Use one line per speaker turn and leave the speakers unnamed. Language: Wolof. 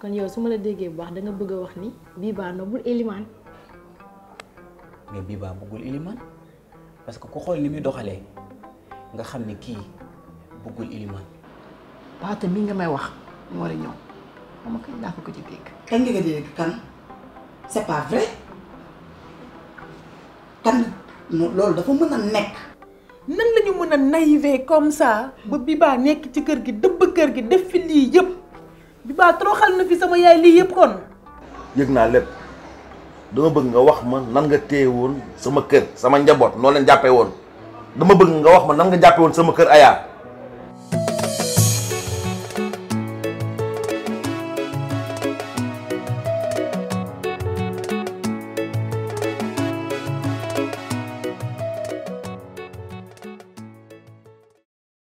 kon yow suma la déggé bu baax da nga bëgg wax ni Biba nobul Eliman.
mais Biba bëggul Eliman parce que ku xol ni mi doxalé nga xamni ki kii bëggul Eliman.
paate mi nga may wax mo la ñëw xam nga kañ laa ko ci dégg.
kan nga dégg kan c'est pas vrai kan lol dafa mëna nek nekk. nan lañu mëna naïvé comme
ça ba Biba nekk ci kër gi deub kër gi def fi li yépp ba toroxal na fi sama yaay lii yëpp kon.
yëg naa lépp dama bëgg nga wax ma nan nga téye sama kër sama njaboot noo leen jàppee woon dama bëgg nga wax ma nan nga jàppee woon sama kër ayaa